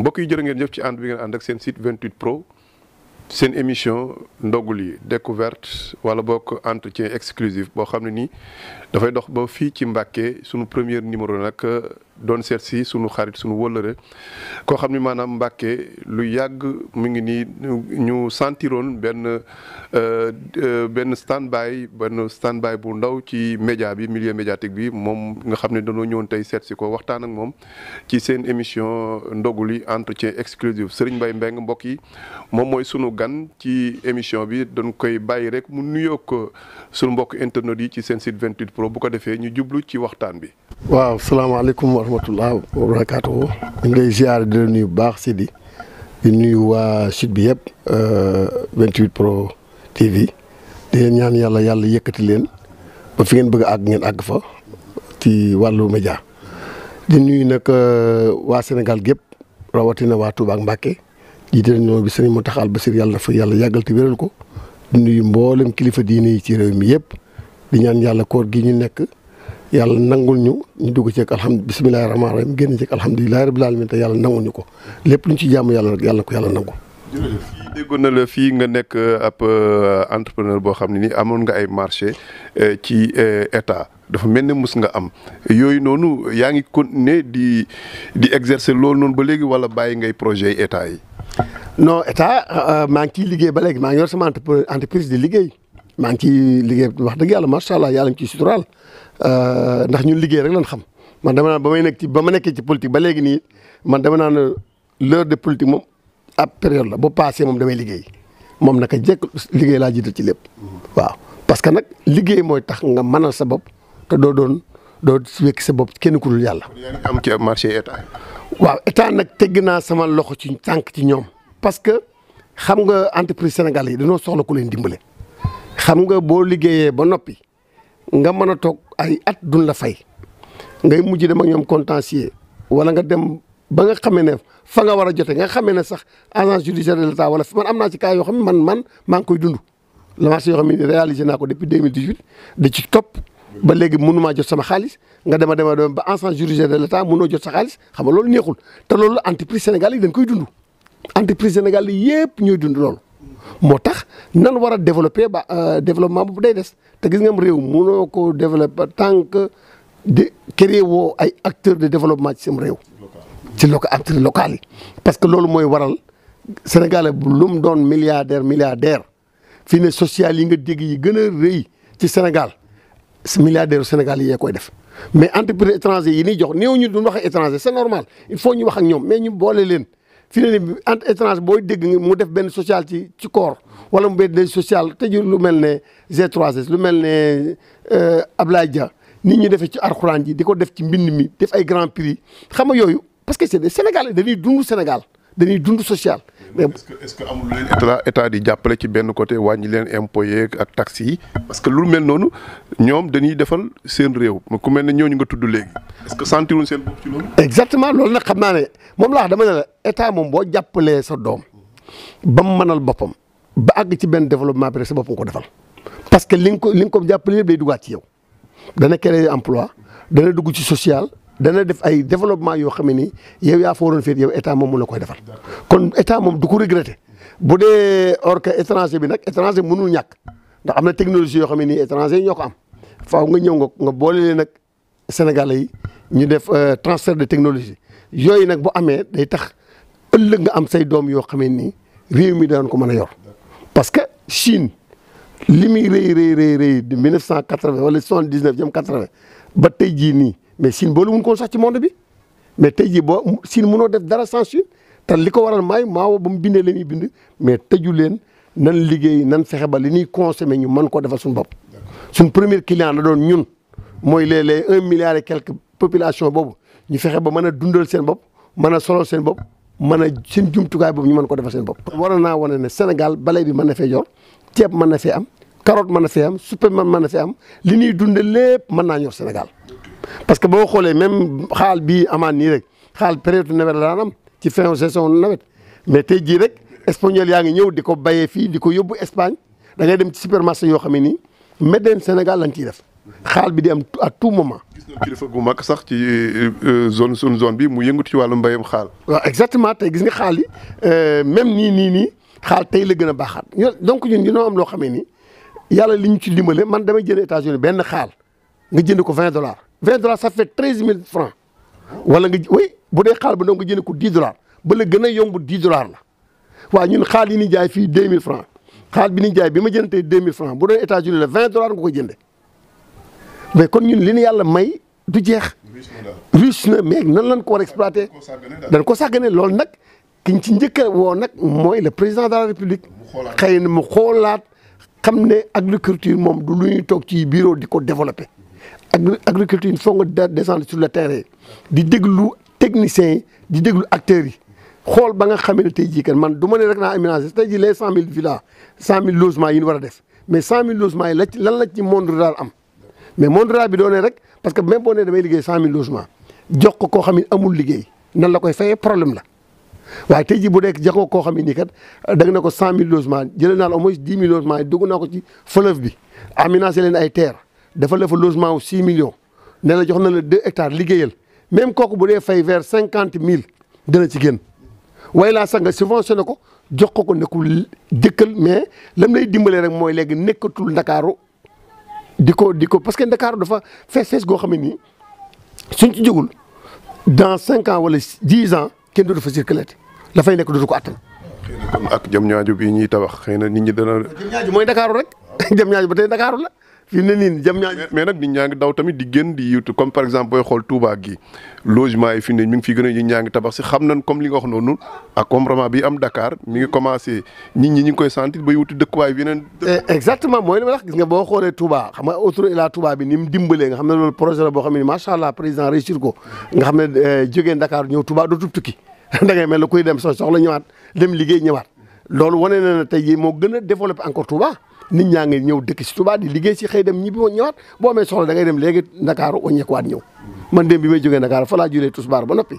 mbokk yi jërë ngeen jëf ci ànd bi ngeen ànd ak seen site 28 pro seen émission ndogu li découverte wala bokk entretien exclusif boo xam ne nii dafay dox ba fii ci Mbàkke sunu première numéro nag. doon seet si sunu xarit sunu wëllëre koo xam ni maanaam Mbàkke lu yàgg mu ngi nii ñu santiroon benn euh, euh, benn standby benn standby bu ndaw ci média bi milieu médiatique bi moom nga xam ne dañoo ñëwoon tey seet si ko waxtaan ak moom ci seen émission ndogu li entretien exclusive sëriñ Mbaye Mbengue mbokk yi moom mooy sunu gan ci émission bi dañ koy bàyyi rek mu nuyoo ko sunu mbokk internet yi ci seen site 28 pro bu ko defee ñu jublu ci waxtaan bi. waaw salaamaaleykum rahmatullah wa barakaatuhu ñu ngi lay ziare di la nuyu bu baax Sidi di nuyu waa sud bi yëpp 28 euh, pro TV di leen ñaan yàlla yàlla yëkkati leen ba fi ngeen bëgg a ngeen àgg fa ci wàllu média di nuyu nag euh, waa senegal gépp rawatina waa Touba ak Mbacké jiite nañoo bi sëriñ Mountakha Bassirou yàlla fa yàlla yàggal te wéral ko di nuyu mboolem kilifa diine yi ci réew mi yëpp di ñaan yàlla koor gi ñu nekk. yàlla nangul ñu ñu dugg ci ak alhamdulilah bisimilah rahmaani rahiim génn ci ak alhamdulilah rabbil alamin yàlla nangul ñu ko lépp lu ñu ci jaamu yàlla rek yàlla ko yàlla nangul. la fii nga nekk euh, ab euh, entrepreneur boo xam ne nii amoon nga ay marché euh, ci état dafa mel ne mus nga am yooyu noonu yaa ngi continuer di di exercer loolu noonu ba léegi wala bàyyi ngay projet yi état yi. non état maa ngi ciy liggéey ba léegi maa ngi yor sama entreprise di liggéey maa ngi ciy liggéey wax dëgg yàlla macha allah yàlla ngi ciy suturaal. Euh, ndax ñun liggéey rek lañ xam man dama naan ba may nekk ci ba ma nekkee ci politique ba léegi nii man dama naan l'heure de politique moom ab période la bu passé moom damay liggéey moom naka jekk liggéey laa jiital ci lépp waaw parce que nag liggéey mooy tax nga mënal sa bopp te doo doon doo wekk sa bopp kenn ku dul yàlla. am ci marché état. waaw état nag tegg naa sama loxo ci tànk ci ñoom. parce que xam nga entreprise sénégal yi dañoo soxla ku leen dimbale. xam nga boo liggéeyee ba noppi. nga mën a toog ay at duñ la fay ngay mujj dem ak ñoom contentieux wala nga dem ba nga xamee ne fa nga war a jote nga xamee ne sax agence judiciaire de l'État wala man am naa ci ka yoo xam ne man man maa ngi koy dund. lancé yoo xam ne réalisé naa ko depuis 2018 da ci topp ba léegi mënumaa jot sama xaalis nga dema dema dem ba agence judiciaire de l'État mënoo jot sa xaalis xam nga loolu neexul te lool entreprise sénégalais yi dañ koy dund entreprise sénégalais yëpp ñooy dund loolu. moo tax nan war a développer ba euh, développement bu day des te gis nga am réew mënoo ko développer tant que di créer woo ay acteurs de développement ci sam réew. ci local acteurs locaux parce que loolu mooy waral Sénégal lu mu doon milliardaire milliardaire fii ne social yi nga dégg yi gën a rëy ci Sénégal milliardaire Sénégal yi yee koy def. mais entreprise étranger yi ni jox néew ñu duñ wax étranger c'est normal il faut ñu wax ak ñoom mais ñu boole leen. fi ne nii entre booy dégg mu def benn social ci ci koor wala mu benn social te lu mel ne G3S lu mel ne euh, Ablaye Dia nit ñi defee ci arxuraan ji di ko def ci mbind mi def ay grand prix xam nga yooyu parce que c'est des Sénégalais dañuy dund Sénégal dañuy dund social. mais est que est-ce état di jàppale ci benn côté wàññi leen impôts yeeg ak taxes parce que lu mel noonu ñoom dañuy defal seen réew ma ku mel ne ñu nga tudd léegi. est que sentiruñ seen exactement loolu nag xam naa ne moom laa wax dama ne la état moom boo jàppalee sa doom ba mu mënal boppam ba àgg ci benn développement bi rek sa bopp ko defal parce que li nga ko li nga ko jàppale yëpp day duggaat ci yow dana créer emploi dana dugg ci social. dana def ay développement yoo xam ne ni yow yaa fa waroon féet yow état moom mu la koy defal kon état moom du ko regretter bu dee or que étranger bi nag étranger mënul ñàkk ndax am na technologie yoo xam ne nii étranger yi ko am faaw nga ñëw nga nga boole nag Sénégalais ñu def euh, transfert de technologie yooyu nag bu amee day tax ëllëg nga am say doom yoo xam ne nii réew mi daan ko mën a yor parce que Chine li muy rëy rëy rëy rëy de cent quatre-vingt wala soixante-dix-neuf jëm quatre-vingt ba tey jii nii mais Chine boolu wuñ ko sax ci monde bi mais tey jii boo Chine mënoo def dara sans Chine te li ko waral maay maawo ba mu bindee la ñuy bindi mais tëju leen nan liggéey nan fexe ba li ñuy consommer ñu mën koo defal suñu bopp. suñ premier client la doon ñun mooy léeg-léeg un milliard quelque population boobu ñu fexe ba mën a dundal seen bopp mën a solol seen bopp mën a seen jumtukaay boobu ñu mën ko defal seen bopp. waroon naa wane ne Sénégal balay bi mën na fee jor ceeb mën na fee am carotte mën na fee am suppe mën na fee am li ñuy dundal lépp mën naa ñor Sénégal. parce que boo xoolee même xaal bi amaat nii rek xaal période nawet la am ci fin saison nawet mais tey jii rek espagnol yaa ngi ñëw di ko bayee fii di ko yóbbu Espagne da dem ci supermarché yoo xam ne nii made Sénégal lañ ciy def xaal bi di am à tout moment. gis gu mag sax ci euh, zone suñu zone bi mu yëngatu ci wàllu mbayam xaal. waaw exactement tey gis nga xaal yi euh, même nii nii nii xaal tey la gën a baaxaat donc ñun ñoo am loo xam ne nii yàlla li ñu ci dimbale man damay jënd États-Unis benn xaal nga jënd ko vingt dollars. vingt dollars ça fait treize mille francs wala nga oui bu dee xaal bu ndaw nga jënd ko dix dollars ba la gën a yomb dix dollars la waa ñun xaal yi ñuy jaay fii deux mille francs xaal bi ñuy jaay bi ma jëndee deux mille francs bu doon États-Unis la vingt dollars nga ko jënde mais kon ñun li ñu yàlla may du jeex. riche na mais nan lañ ko war a exploité. dañ ko sàggane loolu nag kiñ ci njëkk woo nag mooy le président de la république. xëy na mu xoolaat xam ne agriculture moom du lu ñuy toog ci bureau di ko développé. agriculture il faut nga descendre sur le terrain di déglu techniciens yi di déglu acteurs yi xool ba nga xamee ne tey jii kan man du ma ne rek naa aménagé tey jii les cent yi ñu war a def mais cent mille logements yi la ci lan la ci monde rural am mais monde rural bi doonee rek parce que même boo nee damay liggéey cent mille ko koo xam ne amul liggéey nan la koy fayee problème la waaye tey jii bu dee jox ko koo xam ne nii kat danga na ko cent mille logements jëlee naa la au moins dix mille logements yi dugg naa ko ci fleuve bi aménagé leen ay dafa la fa logement wu 6 millions ne la jox na la 2 hectares liggéeyal même kooku bu dee fay vers cinquante mille dana ci génn waaye laa sax nga subventionné ko jox ko ko nekkul jëkkal mais lam lay dimbalee rek mooy léegi nekkatul ndakaaru di ko di ko parce que ndakaaru dafa fees fees goo xam ne nii suñ ci jógul dans cinq ans wala dix ans kenn du fa circulé la fay nekk dootu ko attan. xëy na kon ak jëm ñaaju bi ñuy tabax xëy na nit ñi dana. jëm ñaaju mooy ndakaaru rek jëm ñaaju ba tey ndakaaru la. fi ne nii jam ñaa mais nag nit ñaa daw tamit di génn di yiwtu comme par exemple booy xool Touba gi logement yi fi ne mi ngi fi gën a ñi ñaa ngi tabax si xam nañ comme li nga ñi ñi ngi koy sentir ba yiwtu dëkkuwaay yeneen eh, exactement mooy li ma wax gis nga boo xoolee Touba xam nga autoroute Ila Touba bi ni mu dimbalee nga xam ne loolu projet la boo xam ne macha allah président réussir ko nga xam ne eh, jógee Dakar ñëw Touba dootul tukki da ngay mel ne kuy dem so soxla ñëwaat dem liggéey ñëwaat loolu wane na ne tey jii moo gën a développé encore nit ñaa ngi ñëw dëkk si Touba di liggéey si xëy dem ñibbi ma ñëwaat boo amee soxla da dem léegi Ndakaaru waññeekuwaat ñëw man dem bi may jógee Ndakaaru fa laa julee tisbaar ba noppi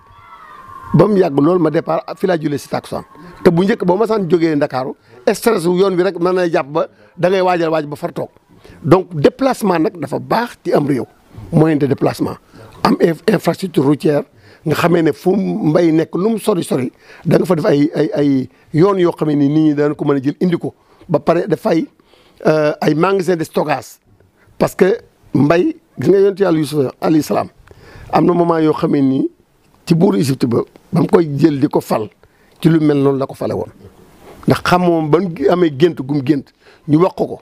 ba mu yàgg loolu ma départ fi laa julee si takkusaan te bu njëkk boo ma saan jógee Ndakaaru stress yoon bi rek mën na jàpp ba da waajal waaj ba far toog donc déplacement nag dafa baax ci am réew mooy de déplacement am infrastructure routière nga xamee ne fu mbay nekk lu mu sori sori da nga fa def ay ay ay yoon yoo xam ne nii nit ñi daan ko mën a jël indi ko ba pare dafay Euh, ay magasin de stockage parce que mbay gis nga yonent yàlla Yusuf alayhi salaam am na moment yoo xamee ni ci buur Égypte ba ba mu koy jël di ko fal ci lu mel noonu la ko fale woon ndax xam xamoon ban amee gént gum gént ñu wax ko ko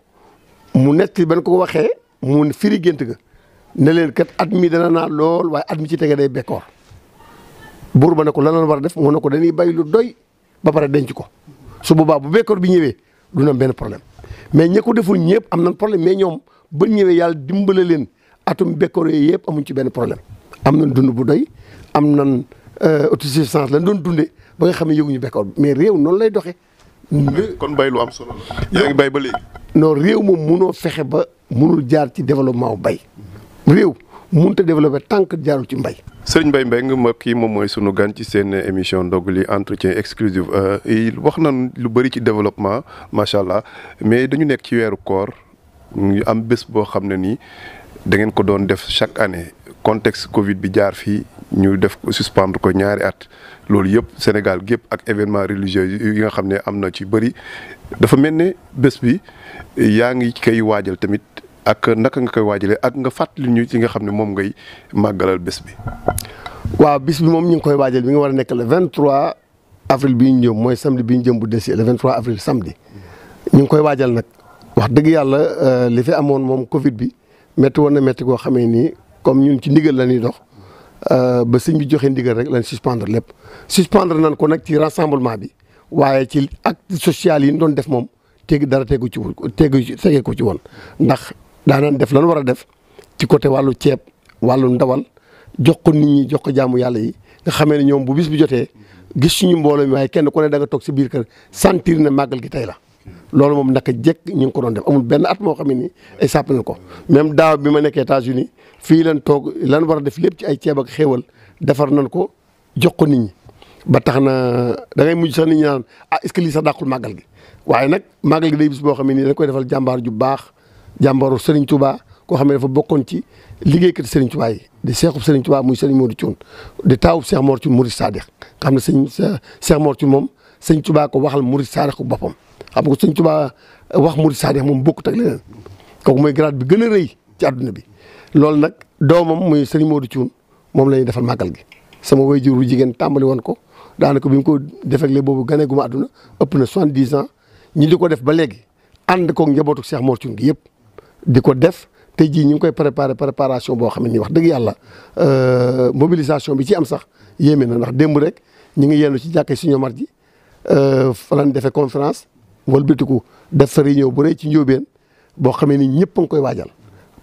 mu netti ban ko waxee mu firi gent ga ne leen kat at mi dana naa lool waaye at mi tege day bekkoor buur ba nekko ko lan la war a def mu ne ko dañuy bay lu doy ba pare denc ko su baa bu bekkoor bi ñëwee du na benn problème mais ñi ko deful ñëpp am nan problème mais ñoom ba ñëwee yàlla dimbale leen atum bekkoor yooyu yëpp amuñ ci benn problème. am nañ dund bu doy am nañ euh, autosuffisance lañ doon dundee ba nga xam ne yëguñu bekkoor mais réew noonu lay doxee. kon bay lu am solo la. yaa ngi bay ba léegi. non réew moom munoo fexe ba munul jaar ci développement wu bay réew. mënut a développé tant que jaarul ci mbay. sëriñ Mbaye Mbengue ma kii moom mooy sunu gan ci seen émission ndogu li entretien exclusive euh, wax na lu bëri ci développement macha allah mais dañu nekk ci weeru koor ñu am bés boo xam ne nii dangeen ko doon def chaque année contexte Covid bi jaar fii ñu def suspendre ko ñaari at loolu yëpp Sénégal gépp ak événement religieux yi nga xam ne am na ci bëri dafa mel ne bés bi yaa ngi kay waajal tamit. ak naka nga koy waajalee ak nga fàttali ñu ci nga xam ne moom ngay màggalal bés bi. waaw bis bi moom ñu ngi koy waajal mi nga war a nekk le 23 avril bi ñu jëm mooy samedi bi ñu bu desi le 23 avril samedi ñu ngi koy waajal nag wax dëgg yàlla euh, li fi amoon moom Covid bi métti woon na métti koo xamee nii comme ñun ci ndigal la ñuy dox euh, ba sëñ bi joxe ndigal rek lañ suspendre lépp suspendre nan ko nag ci rassemblement bi waaye ci acte social yi ñu doon def moom teg dara tegu ci tegu tege ko ci woon ndax daanaan def lan war a def ci côté wàllu ceeb wàllu ndawal jox ko nit ñi jox ko jaamu yàlla yi nga xamee na ñoom bu bis bu jotee gis suñu mbooloo mi waaye kenn ku ne da toog si biir kër sentir ne màggal gi tey la. loolu moom naka jekk ñu ngi ko doon def amul benn at moo xam ne nii ay sàpp ko même daaw bi ma nekkee états uni fii lan toog lan war a def lépp ci ay ceeb ak xéewal defar nañ ko jox ko nit ba tax na da ngay mujj sax nit ñi naan ah lii sax dàqul màggal gi waaye nag màggal gi day boo xam ne nii dañ koy defal jàmbaar ju baax. jàmbaaru Serigne Touba koo xam ne dafa bokkoon ci liggéeykat Serigne Touba yi di seexub Serigne Touba muy Serigne Modou Thioune di taawub Cheikh Mor Thioune Mouride Sadikh nga xam ne sëñ Cheikh Mor Thioune moom Serigne Touba ko waxal Mouride Sadikh ko boppam xam nga Serigne Touba wax Mouride Sadikh moom bokkut ak leneen kooku mooy grade bi gën a rëy ci bi loolu nag doomam muy Serigne Modou Thioune moom la defal màggal gi sama waajur wu jigéen tàmbali woon ko daanaka bi mu ko defeeklee boobu ganee gu ma àdduna ëpp na soixante-dix ans ñu di ko def ba léegi ànd koog njabootu Cheikh Mor Thioune gi yëpp di ko def te jii ñu ngi koy préparé préparation boo xam ne nii wax dëgg yàlla euh, mobilisation bi ci am sax yéeme na ndax démb rek ñu ngi yendu ci jàkkee si ñoomar ji euh, fa lañ defee conférence walbatiku def fa réunion bu ci ci been boo xamee ni nii ñëpp a ngi koy waajal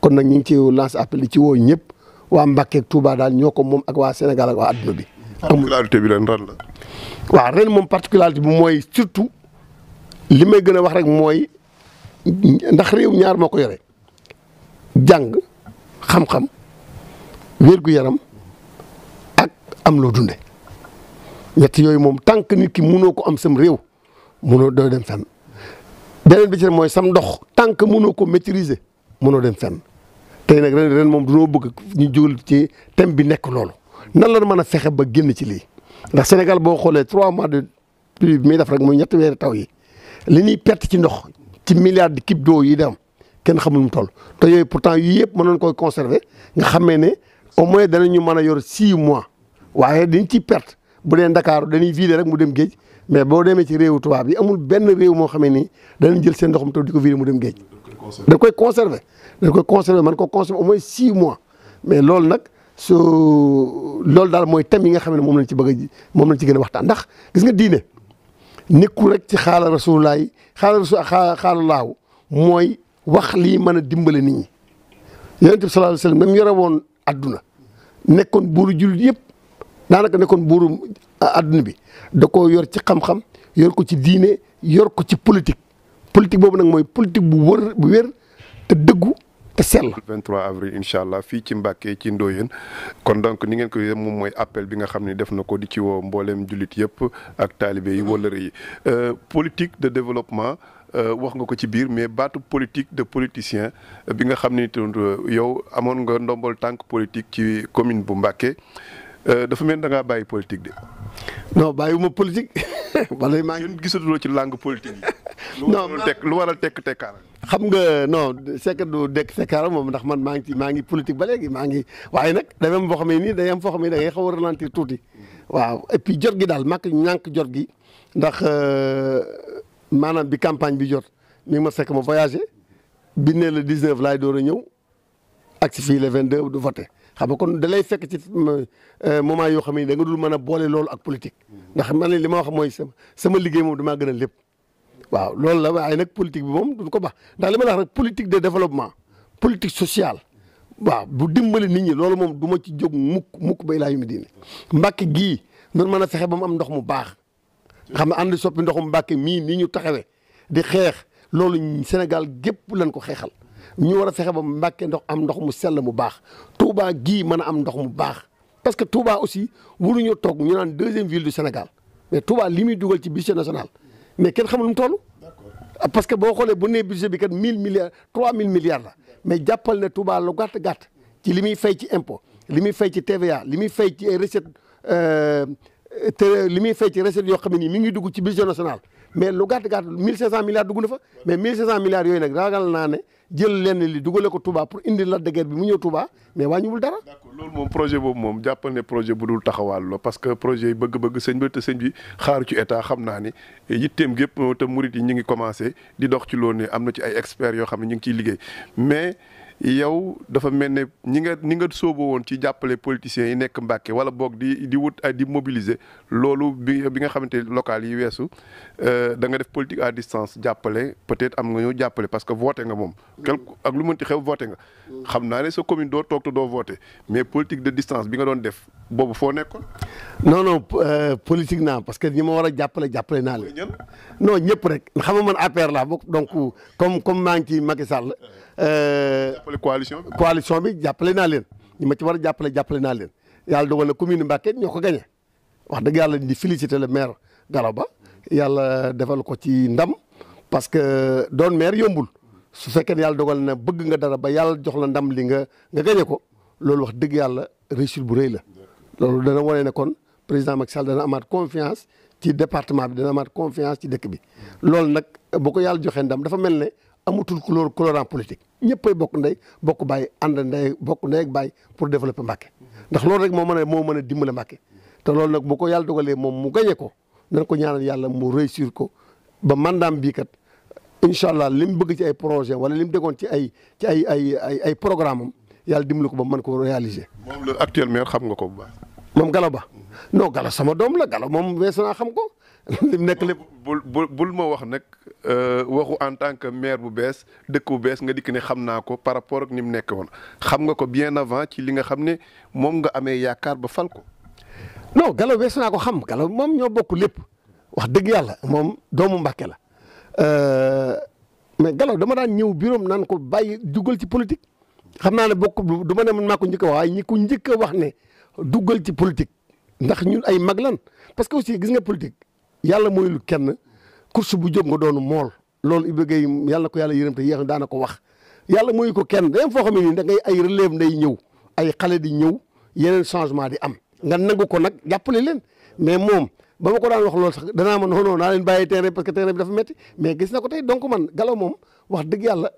kon nag ñu ngi ci lance appel ci wo ñëpp waa Mbàkke ak daal ñoo ko moom ak waa Sénégal ak waa adduna bi. particularité bi ren ren la. waaw ren moom particularité bi mooy surtout li may gën a wax rek mooy ndax réew ñaar moo ko yore. jàng xam-xam wér-gu-yaram ak am loo dunde ñett yooyu moom tànk nit ki mënoo ko am sam réew mënoo doo dem fenn beneen bi ci mooy sam ndox tànk mënoo ko maîtriser mënoo dem fenn te nag ren ren moom dunoo bëgg ñu jógal ci thème bi nekk loolu nan la mën a fexe ba génn ci lii ndax senegal boo xoolee trois mois de pluie bi muy def rek mooy ñetti weeri taw yi li ñuy perte ci ndox ci milliards de kib d'eau yi dem kenn xamul mu toll te yooyu pourtant yii yëpp mënoon koy conserver nga xamee ne au moins danañu mën a yor six mois waaye dañ ciy perte bu dee Ndakaaru dañuy vider rek mu dem géej mais boo demee ci réewu tubaab yi amul benn réew moo xamee ni danañ jël seen ndoxum di ko vider mu dem géej. da koy conserver da koy conserver man ko conserver au moins six mois mais loolu nag su loolu daal mooy thème yi nga xam ne moom lañ ci bëgg a moom lañ ci gën a waxtaan ndax gis nga diine nikku rek ci xaala rasulullaay xaala rasul xaala laaw mooy. wax lii mën a dimbale nit ñi yonent bi sallallahu alayhi wasallam nam yore woon adduna nekkoon buuru jullit yëpp daanaka nekkoon buuru adduna bi da koo yor ci xam yor ko ci diine yor ko ci politique politique boobu nag mooy politique bu wër bu wér te dëggu te sell. 23 avril incha allah fii ci Mbàkke ci Ndoyeen kon donc ni ngeen ko yéen moom mooy appel bi nga xam ni def na ko di ci woo mbooleem jullit yëpp ak taalibe yi wëllëre yi euh, politique de développement. Euh, wax nga ko ci biir mais baatu politique de politicien euh, bi nga xam ne euh, yow amoon nga ndombol tànk politique ci commune bu Mbacké dafa mel da ngaa bàyyi politique de. non bàyyiwuma politique. wala maa ngi gisatuloo ci langue politique yi. non lu waral tekk lu waral tekk tekkaaral. xam nga non c'est que du dekk tekkaaral moom ndax man maa ngi ci maa ngi politique ba léegi maa ngi waaye nag dafa am boo xam ne nii day am foo xam ne da ngay xaw a ralentir tuuti. Mm. waaw et puis jot gi daal màkk ñànk jot gi ndax. maanaam bi campagne bi jot mi ma fekk ma voyagé bi ne le 19 laay door a ñëw ak si fii le 22 du voté xam nga kon da lay fekk ci euh, moment yoo xam ne danga nga dul mën a boole loolu ak politique. ndax man li ma wax mooy sama sama liggéey moom damaa gën a lépp waaw loolu la waaye nag politique bi moom duñ ko ba ndax li ma la wax rek politique de développement politique social waaw bu dimbali nit ñi loolu moom du ma ci jóg mukk mukk bay laa yu mu diine mbàkk gii noonu mën a fexe ba mu am ndox mu baax xam ne ànd soppi ndoxum Mbàkke mii nii ñu taxawee di xeex loolu Sénégal gépp lañ ko xeexal ñu war a fexe ba Mbàkke ndox am ndox mu sell mu baax Touba gii mën a am ndox mu baax parce que Touba aussi waruñoo toog ñu naan deuxième ville du Sénégal mais Touba li muy dugal ci budget national mais kenn xamul mu toll. parce que boo xoolee bu nee budget bi kat mille milliards trois mille milliards la mais jàppal ne Touba lu gàtt gàtt ci li muy fay ci impôt li muy fay ci TVA li muy fay ci ay recettes. Euh, te li muy fay ci recette yoo xam ne nii mi ngi dugg ci budget national mais lu gàtt gàtt mille cinq cent milliards dugg na fa mais mille cinq cent milliards yooyu nag ragal naa ne jël lenn li dugale ko Touba pour indi Lac de Guiers bi mu ñëw Touba mais wàññiwul dara. d'accord moom projet boobu moom jàppal ne projet bu dul taxawaal la parce que projet yi bëgg-bëgg sëñ bi te sëñ bi xaaru ci état xam naa ni yitteem gépp te murit yi ñu ngi commencé di dox ci loolu ne am na ci ay experts yoo xam ne ñu ngi ciy liggéey mais. yow dafa mel ne ñi nga ni nga sóoboo woon ci jàppale politiciens yi nekk Mbàkke wala boog di di wut di mobiliser loolu bi bi nga xamante ne local yi weesu euh, da nga def politique à distance jàppale peut-être am nga ñëw jàppale parce que voté nga moom. quelque ak lu mënti xew voté nga. xam naa ne sa commune doo toog te doo voté mais politique de distance bi nga doon def boobu foo nekk nekkoon. non non euh, politique naa parce que ñi ma war a jàppale jàppale naa leen. non ñëpp rek xam nga man APR laa bokk donc comme comme maa ngi ci Macky Sall Euh, jàppale coalition bi coalition bi jàppale naa leen ñi ma ci war a jàppale jàppale naa leen yàlla dogal na commune Mbacké ñoo ko gagné wax dëgg yàlla di féliciter le maire Galaw Ba yàlla defal ko ci ndam parce que doon maire yombul su fekkee ne yàlla dogal na bëgg nga dara ba yàlla jox la ndam li nga nga gagné ko loolu wax dëgg yàlla réussite bu rëy la. loolu dana wane ne kon président Macky Sall dana amaat confiance ci département bi dana amaat confiance ci dëkk bi loolu nag bu ko ndam dafa mel ne. amatul couleur colorant politique ñëppay bokk ndey bokk bàyyi ànd ndey bokk ndey ak bàyyi pour développer Mbacké ndax loolu rek moo man a moo mën a dimbale Mbacké te loolu nag bu ko yàlla dogalee moom mu gañe ko nañ ko ñaanal yàlla mu réussir ko ba mandaam bii kat incha allah li mu bëgg ci ay projet wala li mu déggoon ci ay ci ay ay ay ay yàlla dimbali ko ba mën ko réaliser. moom la actuellement xam nga ko bu baax. moom Galo Ba non Galo sama doom la Galo moom weesu naa xam ko. lim nekk lépp bul bul bul ma wax nag euh, waxu en tant que maire bu bees dëkk bu bees nga dikk ne xam naa ko par rapport ak ni mu nekk woon xam nga ko bien avant ci li nga xam ne moom nga amee yaakaar ba fal ko. non Galaw weesu naa ko xam Galaw moom ñoo bokk lépp wax dëgg yàlla moom doomu mbake la euh, mais Galaw dama daan ñëw biroom naan ko bàyyi dugal ci politique. xam naa ne bokk du ma ne man maa ko njëkk wax waaye ñi njëkk a wax ne dugal ci politique ndax ñun ay mag lan parce que aussi gis nga politique. yàlla lu kenn course bu jóg nga doonu mool loolu Ibra Gueye yàlla ko yàlla yërëm te yéex daana ko wax yàlla mooyu ko kenn day am foo xam ne nii da ngay ay relève nday ñëw ay xale di ñëw yeneen changement di am nga nangu ko nag jàppale leen mais moom ba ma ko daan wax loolu sax danaa ma non non naa leen bàyyi terrain parce que terrain bi dafa métti mais gis na ko tey donc man Galaw moom wax dëgg yàlla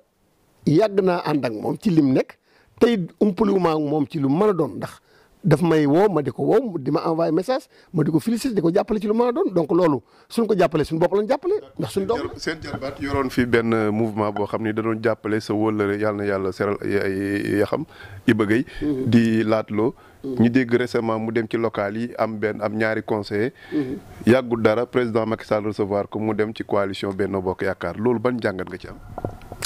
yàgg naa ànd ak moom ci lim nekk tey umpaliwuma ak moom ci lu mën a doon ndax daf may woo ma di ko woo di ma envoyé message ma di ko félicité di ko jàppale ci lu ma doon donc loolu suñ ko jàppale suñ bopp lañ jàppale ndax suñ doom seen jarbaat yoroon fi benn mouvement boo xam ni da doon jàppale sa wóllëre yàlla na yàlla seral ya xam Iba Gueye mhm. di laatloo mhm. ñu dégg récemment mu dem ci local yi am benn am ñaari conseiller mhm. yàggul dara président Macky Sall recevoir ko mu dem ci coalition Benno Bokk Yaakaar loolu ban jàngat nga ci am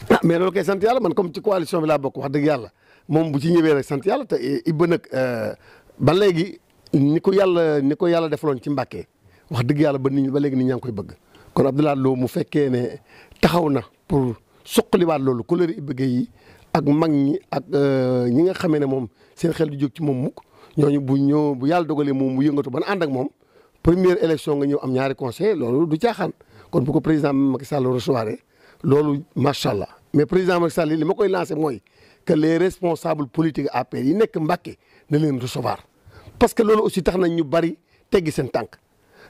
ah mais yàlla man comme ci coalition bi laa bokk wax dëgg yàlla moom bu ci ñëwee rek sant yàlla te Ibba nag euh, ba léegi ni ko yàlla ni ko yàlla defaloon ci Mbàkke wax dëgg yàlla ba nit ba léegi nit ñaa ngi koy bëgg kon Abdoulaye loo mu fekkee ne taxaw na pour suqaliwaat loolu couleur Ibba Gueye yi ak mag ñi ak euh, ñi nga xamee ne moom seen xel du jóg ci moom mukk ñooñu bu ñëw bu yàlla dogalee moom mu yëngatu ba na ànd ak moom première élection nga ñëw am ñaari conseil loolu du caaxaan kon bu ko président Macky Sall recevoir loolu macha allah mais président Macky Sall li ma koy lancé mooy. que les responsable politiques APR yi nekk Mbàkke na leen recevoir parce que loolu aussi tax nañ ñu bari teggi seen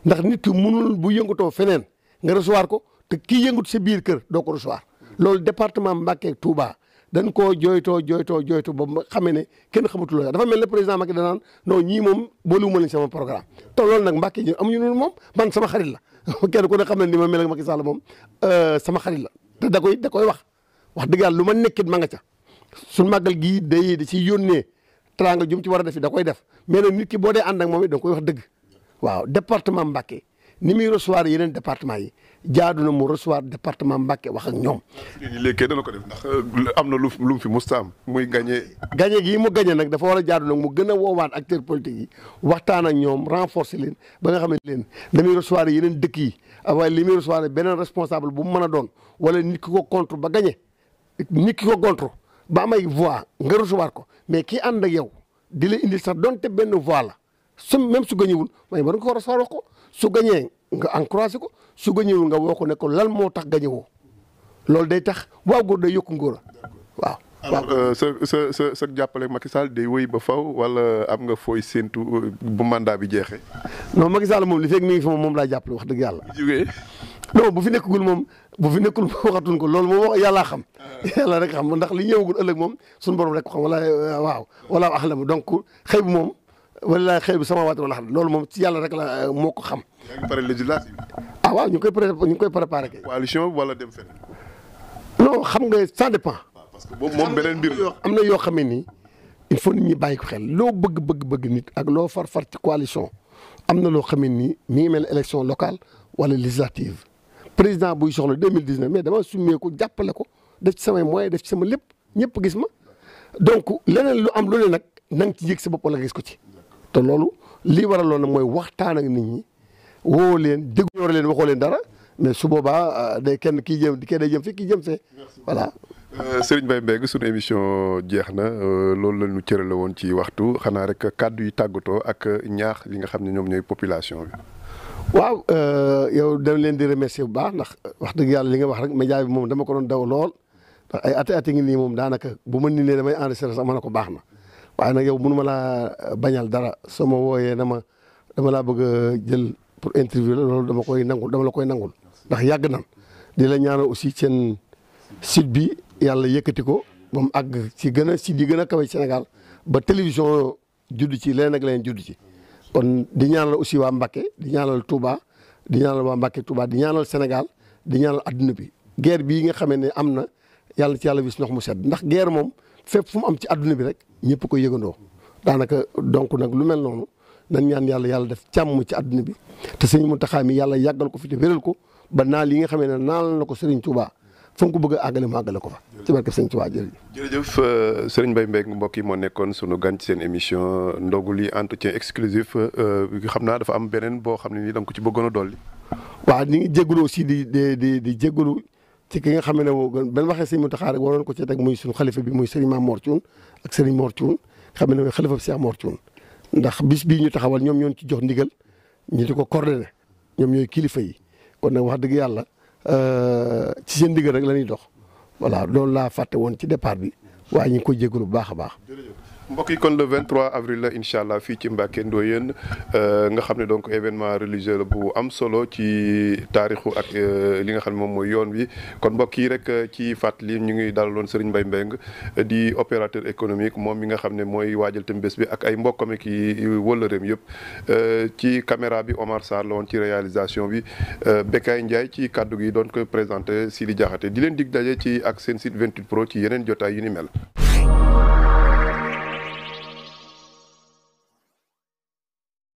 ndax nit ki mënul bu yëngatoo feneen nga recevoir ko te kii yëngut sa biir kër doo ko recevoir loolu département Mbàkke ak Touba dañ koo jooytoo jooytoo jooytoo ba mu xamee ne kenn xamatul loolu dafa mel ne président Macky danaan non ñii moom boolewuma leen sama programme te lool nag Mbàkke ñun amuñu loolu moom man sama xarit la kenn ku ne xam ne ni ma mel ak Macky Sall moom euh, sama xarit la te da koy da koy wax wax dëgg yàlla lu ma ma nga ca. suñ màggal gii day da ciy yónnee teraanga jum ci war a def da koy def mais nag nit ki boo dee ànd ak moom it da koy wax dëgg waaw département Mbacké ni muy recevoir yeneen département yi jaadu na mu recevoir département Mbacké wax ak ñoom. léegi dana ko def ndax euh, am na lu mu fi mustaam muy gagné. gagné gii mu gagné nag dafa war a jaadu mu gën a woowaat acteurs politiques yi waxtaan ak ñoom renforcer leen ba nga xamante leen damay recevoir yeneen dëkk yi waaye li muy recevoir beneen responsable bu mu mën a doon wala nikki ki ko contre ba gagné nit ki ko contre. ba am ay voix nga ko mais kii ànd ak yow di la indil sax donte benn voix la su même su gañewul may war nga ko recevoir wax ko su gañee nga encouragé ko su gañewul nga woo ko lan moo tax gañewoo loolu day tax waaw góor day yokku ngóora waaw. alors euh, sa sa sa sa jàppale Macky Sall day wéy ba faw wala am nga fooy séentu euh, bu mandat bi jeexee. non Macky Sall moom li fekk mi fi moom moom laa jàppale wax dëgg yàlla. non bu fi nekkagul moom. bu fi nekkul waxatuñ ko loolu moom wax yàlla xam ah. yàlla rek xam ndax li ñëwagul ëllëg moom suñu borom rek ko xam wala eh, waaw wala axlamu donc xëy bi moom wala xëy bi samawaati wala xam loolu moom ci yàlla rek la eh, moo ko xam. yaa ngi pare législative ah waaw ñu ngi koy pré ñu ngi koy préparé kay. coalition wala dem fenn. non xam nga ça dépend. Ah, parce que boobu moom beneen mbir la am na yoo xam ne nii il faut nit ñi bàyyi ko xel loo bëgg bëgg bëgg nit ak loo far far ci coalition am na loo xam ne nii mi ngi mel élection locale wala législative. président buy soxla 2019 mais dama summee ko jàppale ko def ci samay mooy def ci sama lépp ñëpp gis ma donc leneen lu am lu ne nag na ci yëg sa bopp wala gis ko ci te loolu lii waraloon nag mooy waxtaan ak nit ñi woo leen déglu leen waxoo leen dara mais su boobaa euh, day kenn kii jëm kii day jëm fi kii jëm fee voilà. Euh, Serigne Mbaye Mbengue sunu émission jeex na euh, loolu la ñu cërale woon ci waxtu xanaa rek kàddu yi tàggatoo ak ñaax li nga xam ne ñoom ñooy population bi. waaw euh, yow dama leen di remercier bu baax ndax euh, wax dëgg yàlla li nga wax rek média bi moom dama ko doon daw lool ndax ay ati ati ngi nii moom daanaka bu ma nii leen damay enregistré sax ma ne ko baax na waaye nag yow mënu ma laa euh, bañal dara soo ma wooyee dama dama laa bëgg jël pour interview la loolu dama koy nangul dama la koy nangul ndax yàgg nan di la ñaanal aussi seen site bi yàlla yëkkati ko ba mu àgg ci gën a site yi gën a kawe Sénégal ba télévision judd ci leen ak leen judd ci kon di ñaanal aussi waa Mbacké di ñaanal Touba di ñaanal waa Mbacké Touba di ñaanal senegal di ñaanal adduna bi guerre bii nga xamee ne am na yàlla ci yàlla bis ndox mu sedd ndax guerre moom fépp fu mu am ci adduna bi rek ñëpp ko yëgandoo daanaka donc nag lu mel noonu nan ñaan yàlla yàlla def càmm ci adduna bi te sëñ Mountakha mi yàlla yàggal ko fi te wéral ko ba naal yi nga xamee ne naal na ko Serigne Touba fu mu ko bëgg a àggale mu àggale ko fa. ci barke sëñ Tuubaa jërëjëf. jërëjëf euh, sëriñ mbay Mbengue mbokk yi moo nekkoon sunu gan ci seen émission ndogul yi entretien exclusif euh, xam naa dafa am beneen boo xam ne nii da ko ci bëggoon a dolli. waaw ñu ngi jégalu aussi di di di di jégalu ci ki nga xam ne moo gën benn waxee sëñ Mountakha rek waroon ko ci teg muy sunu xalifa bi muy sëriñ Mame Mor Thioune ak sëriñ Mor Thioune xam ne mooy xalifa bi Cheikh Mor Thioune ndax bis bii ñu taxawal ñoom ñoon ci jox ndigal ñu di ko coordonné ñoom ñooy kilifa yi kon a wax dëgg yàlla ci seen digg rek la ñuy dox voilà loolu laa fàtte woon ci départ bi waaye ñu ngi koy jégalu bu baax a baax. mbokk yi kon le 23 avril la incha allah fii ci Mbacke Ndoyeen euh, nga xam ne donc événement religieux la bu am solo ci taarixu ak euh, li nga xam ne moom mooy yoon wi kon mbokk yi rek euh, ci fàttali ñu ngi dalaloon Serigne mbay Mbengue di opérateur économique moom mi nga xam ne mooy waajal tam bés bi ak ay mbokkam ak i wëllëreem yëpp ci caméra bi Omar Sarr la ci réalisation bi Bekay Ndiaye ci kaddu gi doon présenter si di Diakhaté di leen dig daje ci ak seen sit 28 pro ci yeneen jotaay yu ni mel.